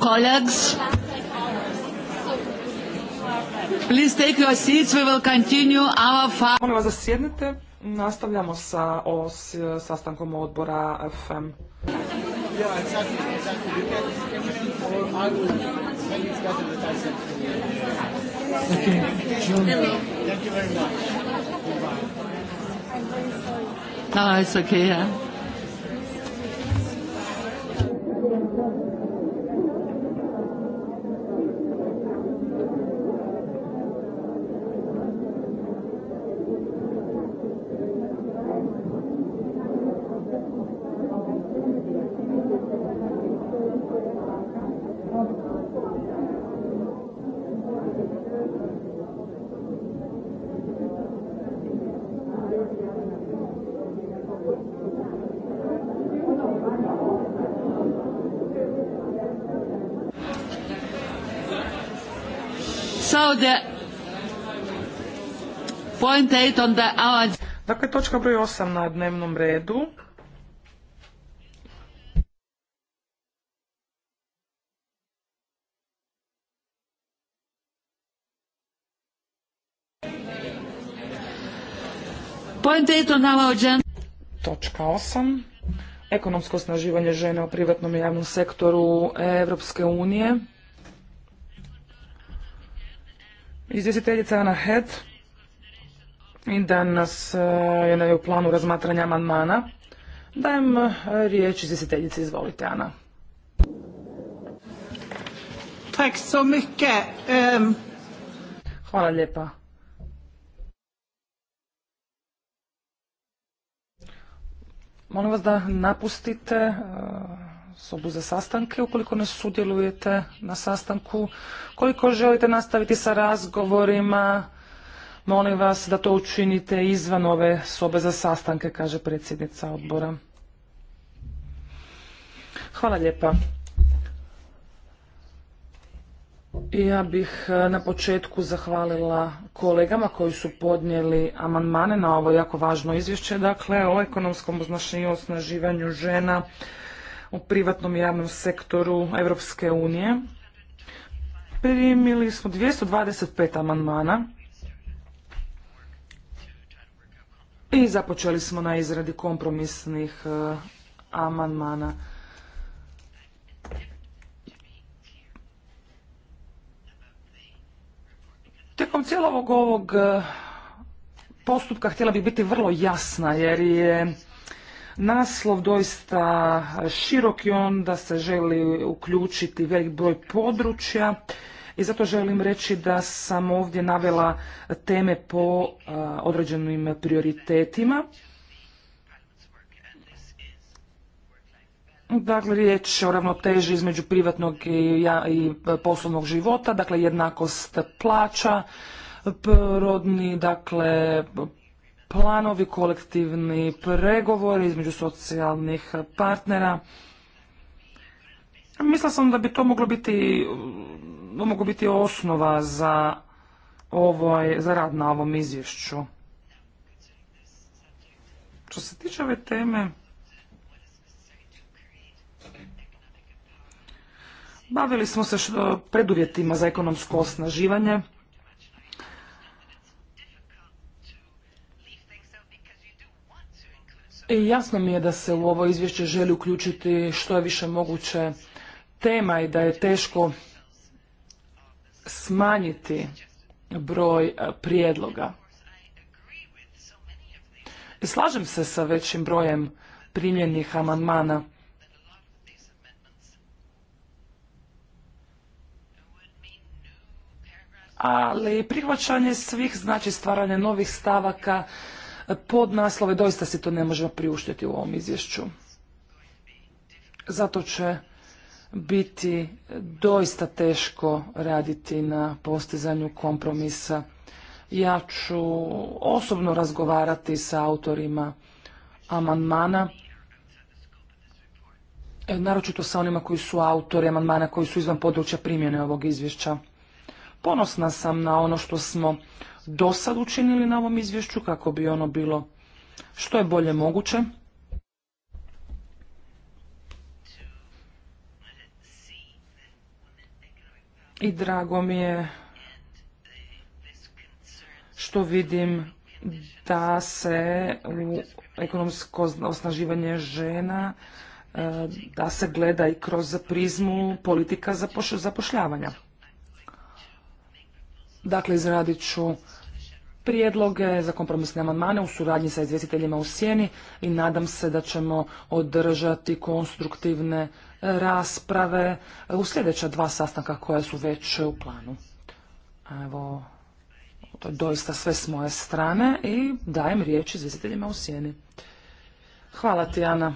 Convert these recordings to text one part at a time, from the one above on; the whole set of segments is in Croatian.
Colleagues, please take your seats. We will continue our Molim vas da sjednete. Nastavljamo sa sastankom odbora FM. yeah. ovdje point eight on the Dakle, točka broj 8 na dnevnom redu. Point eight on our agenda. Točka 8. Ekonomsko osnaživanje žena u privatnom i javnom sektoru Evropske unije. Izvjestiteljica Ana Het i danas e, je na u planu razmatranja amandmana. Dajem e, riječ izvjestiteljici. Izvolite, Ana. Tak so ehm. Hvala lijepa. Molim vas da napustite e, sobu za sastanke ukoliko ne sudjelujete na sastanku. Koliko želite nastaviti sa razgovorima, molim vas da to učinite izvan ove sobe za sastanke, kaže predsjednica odbora. Hvala lijepa. Ja bih e, na početku zahvalila kolegama koji su podnijeli amandmane na ovo jako važno izvješće, dakle o ekonomskom označenju osnaživanju žena u privatnom i javnom sektoru Europske unije. Primili smo 225 amandmana i započeli smo na izradi kompromisnih e, amandmana. Tijekom cijelog ovog e, postupka htjela bi biti vrlo jasna jer je naslov doista širok i onda se želi uključiti velik broj područja i zato želim reći da sam ovdje navela teme po određenim prioritetima. Dakle, riječ je o ravnoteži između privatnog i poslovnog života, dakle jednakost plaća, rodni, dakle planovi, kolektivni pregovori između socijalnih partnera. Mislila sam da bi to moglo biti, moglo biti osnova za, ovaj, za rad na ovom izvješću. Što se tiče ove teme, bavili smo se preduvjetima za ekonomsko osnaživanje. I e, jasno mi je da se u ovo izvješće želi uključiti što je više moguće tema i da je teško smanjiti broj e, prijedloga. E, slažem se sa većim brojem primljenih amandmana. Ali prihvaćanje svih znači stvaranje novih stavaka, pod naslove doista si to ne možemo priuštiti u ovom izvješću. Zato će biti doista teško raditi na postizanju kompromisa. Ja ću osobno razgovarati sa autorima amandmana, e, naročito sa onima koji su autori amandmana koji su izvan područja primjene ovog izvješća. Ponosna sam na ono što smo do sad učinili na ovom izvješću kako bi ono bilo što je bolje moguće. I drago mi je što vidim da se u ekonomsko osnaživanje žena e, da se gleda i kroz prizmu politika zapošljavanja. Dakle, izradit ću prijedloge za kompromisne amandmane u suradnji sa izvjestiteljima u sjeni i nadam se da ćemo održati konstruktivne rasprave u sljedeća dva sastanka koja su već u planu. Evo, to je doista sve s moje strane i dajem riječ izvjestiteljima u sjeni. Hvala ti, Ana.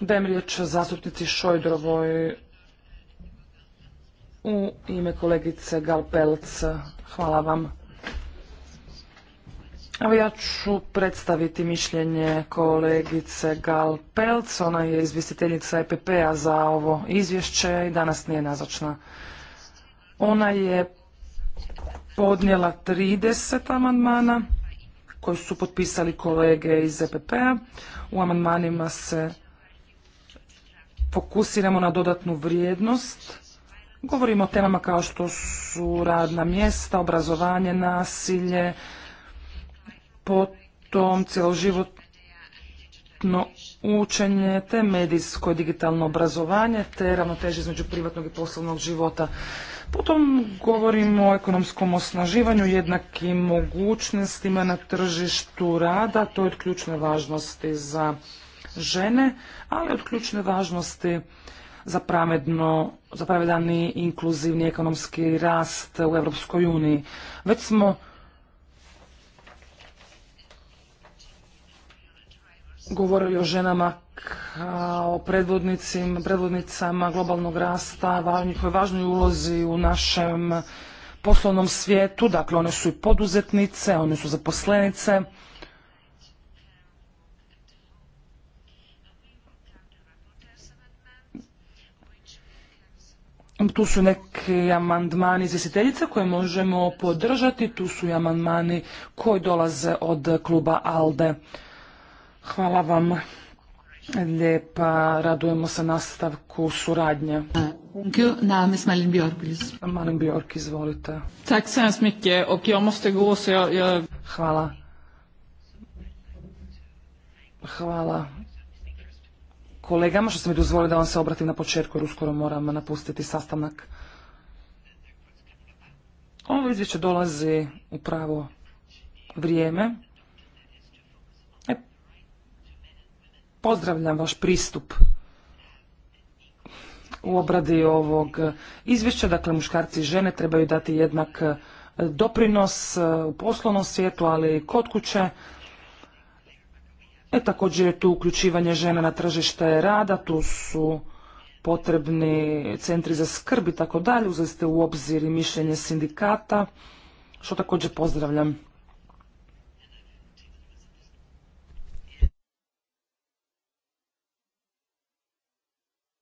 Dajem riječ zastupnici Šojdrovoj u ime kolegice Galpelc, hvala vam. Evo ja ću predstaviti mišljenje kolegice Gal Pelc. Ona je izvjestiteljica EPP-a za ovo izvješće i danas nije nazočna. Ona je podnijela 30 amandmana koji su potpisali kolege iz EPP-a. U amandmanima se fokusiramo na dodatnu vrijednost Govorimo o temama kao što su radna mjesta, obrazovanje, nasilje, potom cjeloživotno učenje, te medijsko i digitalno obrazovanje, te ravnoteže između privatnog i poslovnog života. Potom govorimo o ekonomskom osnaživanju, jednakim mogućnostima na tržištu rada, to je od ključne važnosti za žene, ali od ključne važnosti za, pravedno, inkluzivni ekonomski rast u Europskoj uniji. Već smo govorili o ženama kao predvodnicama globalnog rasta, njihovoj važnoj ulozi u našem poslovnom svijetu, dakle one su i poduzetnice, one su zaposlenice, Tu su neki amandmani izvjestiteljice koje možemo podržati, tu su i amandmani koji dolaze od kluba ALDE. Hvala vam lijepa, radujemo se nastavku suradnje. Malin izvolite. Tak så mycket och jag Hvala. Hvala kolegama što sam mi dozvolio da vam se obratim na početku jer uskoro moram napustiti sastanak. Ovo izvješće dolazi u pravo vrijeme. E, pozdravljam vaš pristup u obradi ovog izvješća. Dakle, muškarci i žene trebaju dati jednak doprinos u poslovnom svijetu, ali i kod kuće. E, također je tu uključivanje žena na tržište rada, tu su potrebni centri za skrb i tako dalje, uzeli ste u obzir i mišljenje sindikata, što također pozdravljam.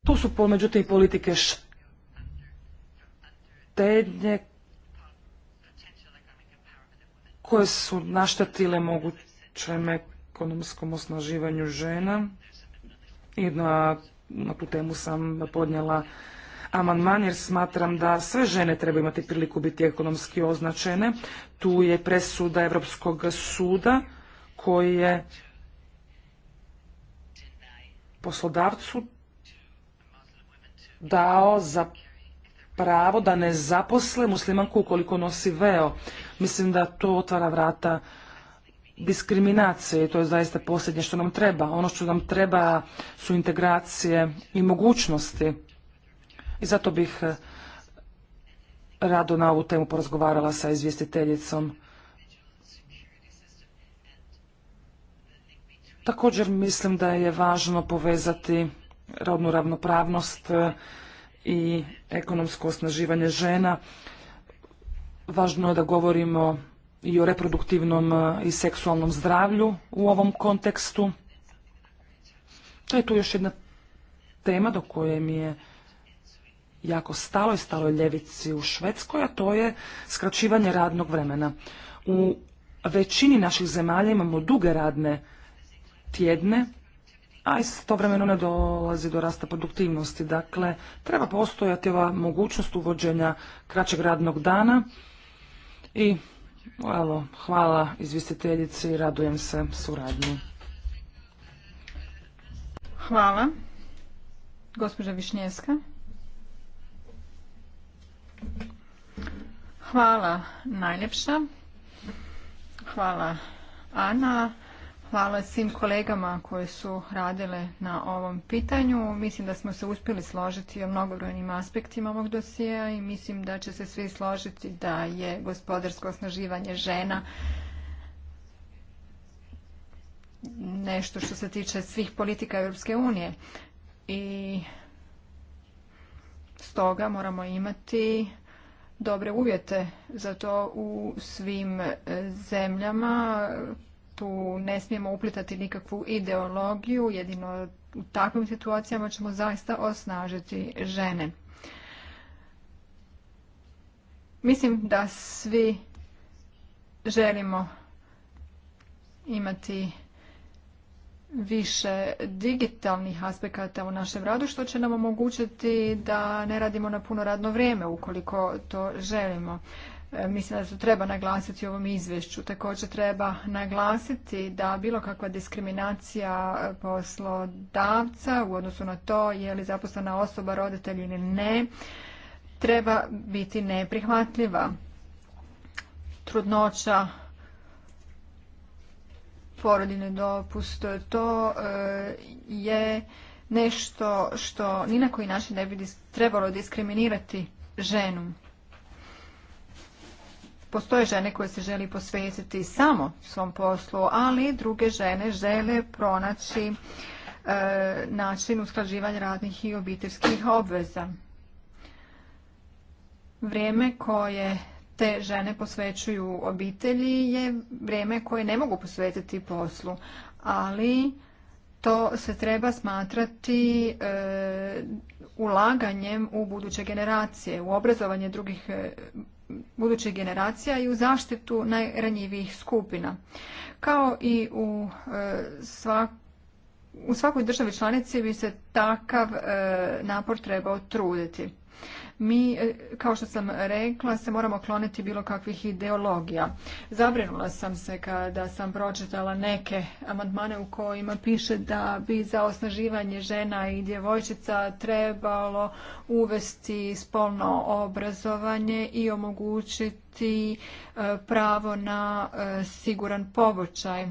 Tu su međutim i politike štednje koje su naštetile me ekonomskom osnaživanju žena i na, tu temu sam podnijela amandman jer smatram da sve žene trebaju imati priliku biti ekonomski označene. Tu je presuda Europskog suda koji je poslodavcu dao za pravo da ne zaposle muslimanku ukoliko nosi veo. Mislim da to otvara vrata i to je zaista posljednje što nam treba. Ono što nam treba su integracije i mogućnosti. I zato bih eh, rado na ovu temu porazgovarala sa izvjestiteljicom. Također mislim da je važno povezati rodnu ravnopravnost eh, i ekonomsko osnaživanje žena. Važno je da govorimo i o reproduktivnom e, i seksualnom zdravlju u ovom kontekstu. To je tu još jedna tema do koje mi je jako stalo i stalo ljevici u Švedskoj, a to je skraćivanje radnog vremena. U većini naših zemalja imamo duge radne tjedne, a istovremeno ne dolazi do rasta produktivnosti. Dakle, treba postojati ova mogućnost uvođenja kraćeg radnog dana i Evo, hvala izvjestiteljici i radujem se suradnji. Hvala. Gospođa Višnjevska. Hvala najljepša. Hvala Ana. Hvala svim kolegama koje su radile na ovom pitanju. Mislim da smo se uspjeli složiti o mnogobrojnim aspektima ovog dosija i mislim da će se svi složiti da je gospodarsko osnaživanje žena nešto što se tiče svih politika Europske unije. I stoga moramo imati dobre uvjete za to u svim zemljama tu ne smijemo uplitati nikakvu ideologiju, jedino u takvim situacijama ćemo zaista osnažiti žene. Mislim da svi želimo imati više digitalnih aspekata u našem radu, što će nam omogućiti da ne radimo na puno radno vrijeme ukoliko to želimo. E, mislim da to treba naglasiti u ovom izvješću. Također treba naglasiti da bilo kakva diskriminacija poslodavca u odnosu na to je li zaposlena osoba roditelj ili ne, treba biti neprihvatljiva. Trudnoća, porodine dopust, to e, je nešto što ni na koji način ne bi trebalo diskriminirati ženu. Postoje žene koje se želi posvetiti samo svom poslu, ali druge žene žele pronaći e, način usklađivanja radnih i obiteljskih obveza. Vrijeme koje te žene posvećuju obitelji je vrijeme koje ne mogu posvetiti poslu, ali to se treba smatrati e, ulaganjem u buduće generacije, u obrazovanje drugih budućih generacija i u zaštitu najranjivijih skupina. Kao i u e, svakom u svakoj državi članici bi se takav e, napor trebao truditi. Mi, e, kao što sam rekla, se moramo kloniti bilo kakvih ideologija. Zabrinula sam se kada sam pročitala neke amandmane u kojima piše da bi za osnaživanje žena i djevojčica trebalo uvesti spolno obrazovanje i omogućiti e, pravo na e, siguran pobočaj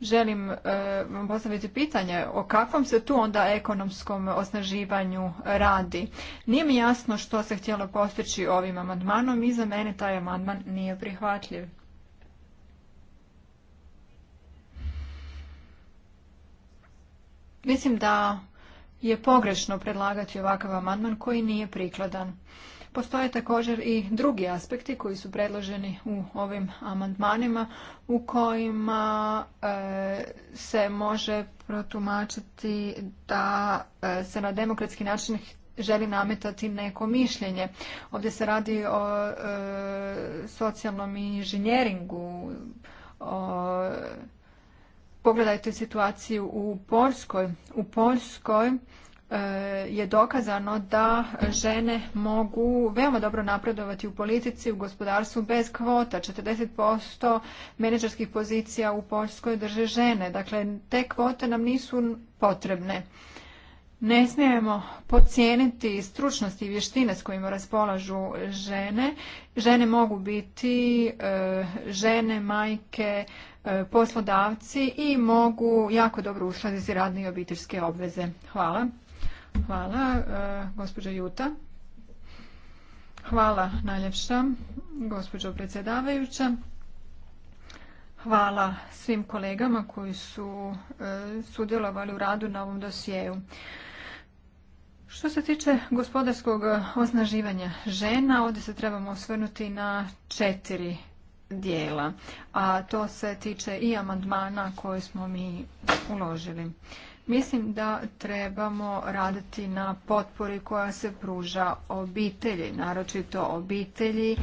želim e, vam postaviti pitanje o kakvom se tu onda ekonomskom osnaživanju radi. Nije mi jasno što se htjelo postići ovim amandmanom i za mene taj amandman nije prihvatljiv. Mislim da je pogrešno predlagati ovakav amandman koji nije prikladan. Postoje također i drugi aspekti koji su predloženi u ovim amandmanima u kojima e, se može protumačiti da e, se na demokratski način želi nametati neko mišljenje. Ovdje se radi o e, socijalnom inženjeringu. O, pogledajte situaciju u Poljskoj. U Poljskoj E, je dokazano da žene mogu veoma dobro napredovati u politici, u gospodarstvu bez kvota. 40% menedžerskih pozicija u Poljskoj drže žene. Dakle, te kvote nam nisu potrebne. Ne smijemo podcijeniti stručnosti i vještine s kojima raspolažu žene. Žene mogu biti e, žene, majke, e, poslodavci i mogu jako dobro uskladiti radne i obiteljske obveze. Hvala. Hvala, e, gospođo Juta. Hvala najljepša, gospođo predsjedavajuća. Hvala svim kolegama koji su e, sudjelovali u radu na ovom dosjeu. Što se tiče gospodarskog osnaživanja žena, ovdje se trebamo osvrnuti na četiri dijela, a to se tiče i amandmana koje smo mi uložili. Mislim da trebamo raditi na potpori koja se pruža obitelji, naročito obitelji e,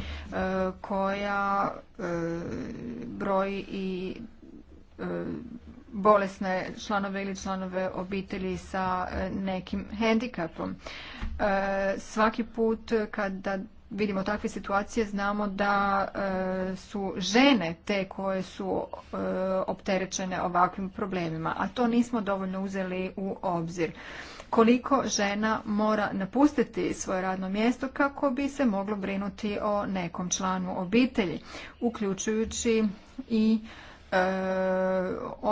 koja e, broji i e, bolesne članove ili članove obitelji sa nekim hendikapom. Svaki put kada vidimo takve situacije, znamo da e, su žene te koje su e, opterećene ovakvim problemima, a to nismo dovoljno uzeli u obzir. Koliko žena mora napustiti svoje radno mjesto kako bi se moglo brinuti o nekom članu obitelji, uključujući i E,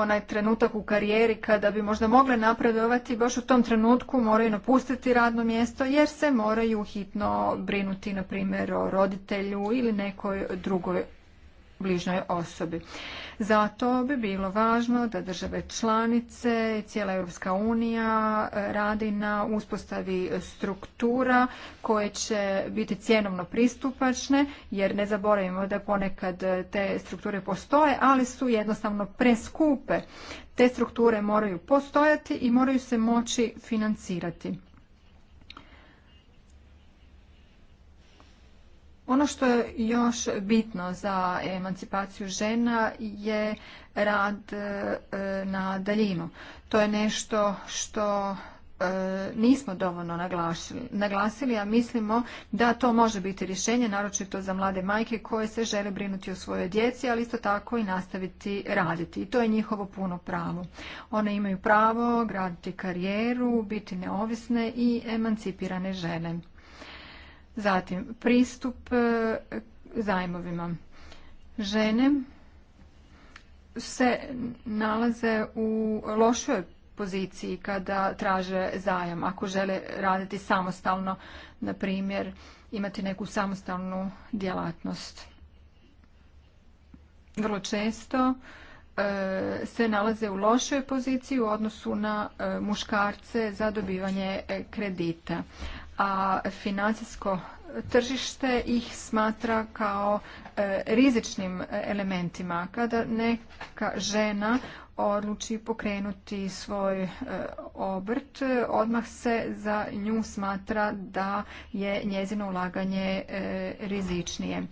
onaj trenutak u karijeri kada bi možda mogle napredovati, baš u tom trenutku moraju napustiti radno mjesto jer se moraju hitno brinuti, na primjer, o roditelju ili nekoj drugoj bližnjoj osobi. Zato bi bilo važno da države članice, cijela Europska unija e, radi na uspostavi struktura koje će biti cjenovno pristupačne, jer ne zaboravimo da ponekad te strukture postoje, ali su jednostavno preskupe. Te strukture moraju postojati i moraju se moći financirati. Ono što je još bitno za emancipaciju žena je rad e, na daljinu. To je nešto što e, nismo dovoljno naglasili, a mislimo da to može biti rješenje, naročito za mlade majke koje se žele brinuti o svojoj djeci, ali isto tako i nastaviti raditi. I to je njihovo puno pravo. One imaju pravo graditi karijeru, biti neovisne i emancipirane žene. Zatim, pristup e, zajmovima. Žene se nalaze u lošoj poziciji kada traže zajam. Ako žele raditi samostalno, na primjer, imati neku samostalnu djelatnost. Vrlo često e, se nalaze u lošoj poziciji u odnosu na e, muškarce za dobivanje kredita. A financijsko tržište ih smatra kao e, rizičnim elementima. Kada neka žena odluči pokrenuti svoj e, obrt, odmah se za nju smatra da je njezino ulaganje e, rizičnije.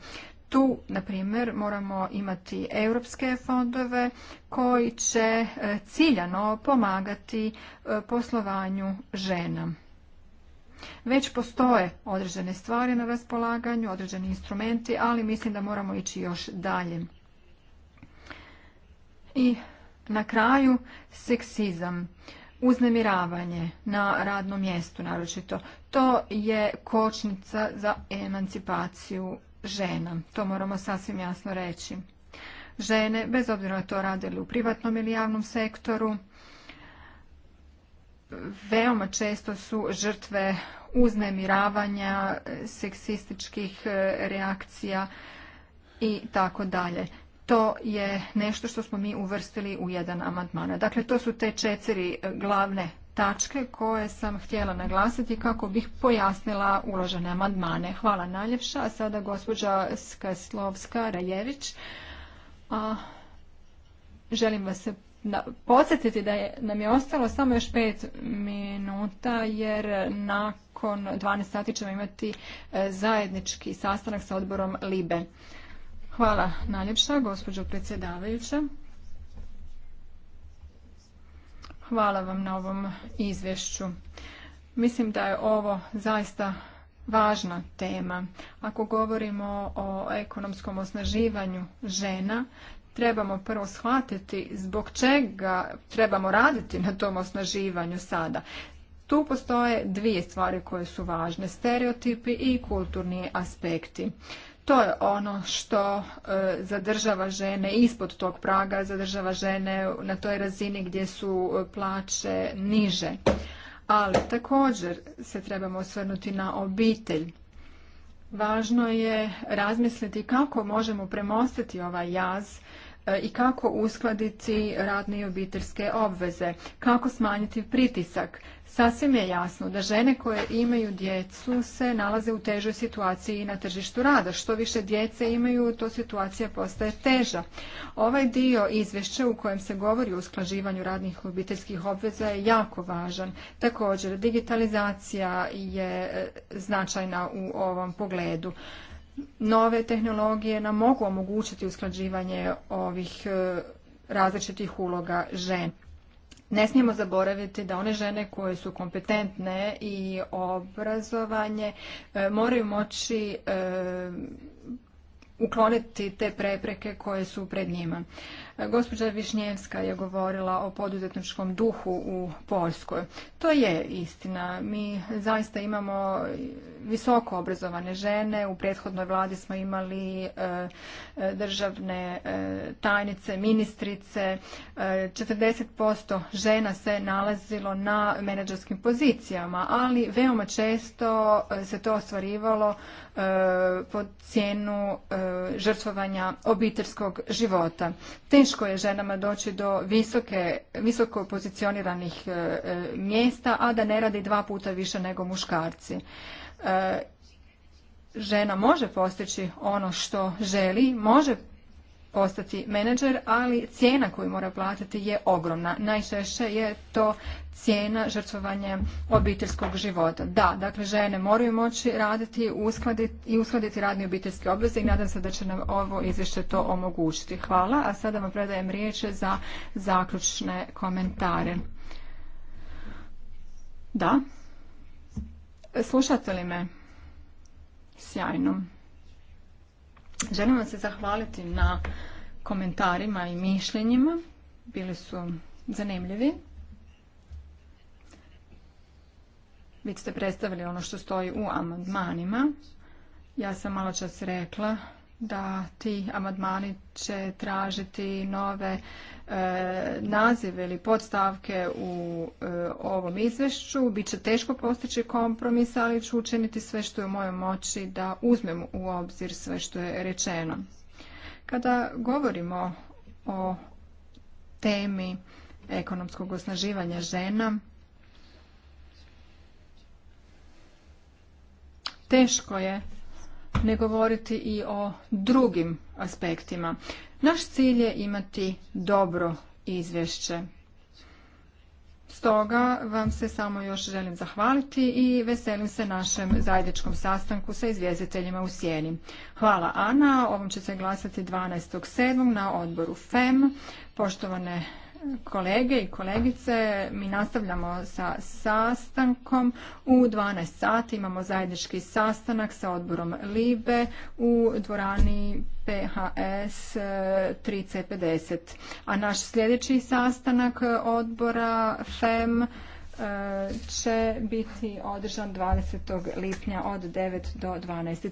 Tu, na primjer, moramo imati europske fondove koji će ciljano pomagati poslovanju žena. Već postoje određene stvari na raspolaganju, određeni instrumenti, ali mislim da moramo ići još dalje. I na kraju seksizam, uznemiravanje na radnom mjestu naročito. To je kočnica za emancipaciju žena. To moramo sasvim jasno reći. Žene, bez obzira na to radili u privatnom ili javnom sektoru, veoma često su žrtve uznemiravanja, seksističkih e, reakcija i tako dalje. To je nešto što smo mi uvrstili u jedan amandman. Dakle, to su te četiri e, glavne tačke koje sam htjela naglasiti kako bih pojasnila uložene amandmane. Hvala najljepša. A sada gospođa Skaslovska Rajević. A, želim vas se podsjetiti da je, nam je ostalo samo još pet minuta jer nakon 12 sati ćemo imati e, zajednički sastanak sa odborom LIBE. Hvala najljepša, gospođo predsjedavajuća. Hvala vam na ovom izvješću. Mislim da je ovo zaista važna tema. Ako govorimo o ekonomskom osnaživanju žena, trebamo prvo shvatiti zbog čega trebamo raditi na tom osnaživanju sada. Tu postoje dvije stvari koje su važne, stereotipi i kulturni aspekti. To je ono što e, zadržava žene ispod tog praga, zadržava žene na toj razini gdje su e, plaće niže. Ali također se trebamo osvrnuti na obitelj Važno je razmisliti kako možemo premostiti ovaj jaz E, i kako uskladiti radne i obiteljske obveze, kako smanjiti pritisak. Sasvim je jasno da žene koje imaju djecu se nalaze u težoj situaciji na tržištu rada. Što više djece imaju, to situacija postaje teža. Ovaj dio izvješća u kojem se govori o usklaživanju radnih i obiteljskih obveza je jako važan. Također, digitalizacija je e, značajna u ovom pogledu nove tehnologije nam mogu omogućiti usklađivanje ovih e, različitih uloga žena. Ne smijemo zaboraviti da one žene koje su kompetentne i obrazovanje e, moraju moći e, ukloniti te prepreke koje su pred njima. Gospođa Višnjevska je govorila o poduzetničkom duhu u Poljskoj. To je istina. Mi zaista imamo visoko obrazovane žene. U prethodnoj vladi smo imali e, e, državne e, tajnice, ministrice. 40% žena se nalazilo na menadžerskim pozicijama, ali veoma često se to ostvarivalo pod cijenu žrtvovanja obiteljskog života. Te teško je ženama doći do visoke, visoko pozicioniranih e, mjesta, a da ne radi dva puta više nego muškarci. E, žena može postići ono što želi, može postati menadžer, ali cijena koju mora platiti je ogromna. Najčešće je to cijena žrtvovanja obiteljskog života. Da, dakle, žene moraju moći raditi i uskladiti radni obiteljski obveze i nadam se da će nam ovo izvješće to omogućiti. Hvala, a sada vam predajem riječ za zaključne komentare. Da, slušate li me? Sjajno. Želim vam se zahvaliti na komentarima i mišljenjima. Bili su zanimljivi. Vi ste predstavili ono što stoji u amandmanima. Ja sam malo čas rekla da ti amandmani će tražiti nove e, nazive ili podstavke u e, ovom izvješću. Biće teško postići kompromis, ali ću učiniti sve što je u mojoj moći da uzmem u obzir sve što je rečeno. Kada govorimo o temi ekonomskog osnaživanja žena, teško je ne govoriti i o drugim aspektima. Naš cilj je imati dobro izvješće. Stoga vam se samo još želim zahvaliti i veselim se našem zajedničkom sastanku sa izvjestiteljima u sjeni. Hvala Ana, ovom će se glasati 12.7. na odboru FEM. Poštovane kolege i kolegice, mi nastavljamo sa sastankom. U 12 sati imamo zajednički sastanak sa odborom LIBE u dvorani PHS 3C50. Eh, A naš sljedeći sastanak odbora FEM eh, će biti održan 20. lipnja od 9 do 12.